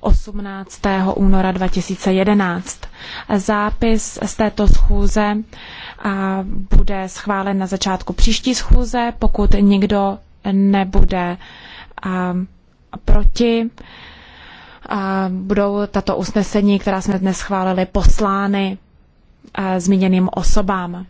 18. února 2011. Zápis z této schůze bude schválen na začátku příští schůze, pokud nikdo nebude proti. Budou tato usnesení, která jsme dnes schválili, poslány zmíněným osobám.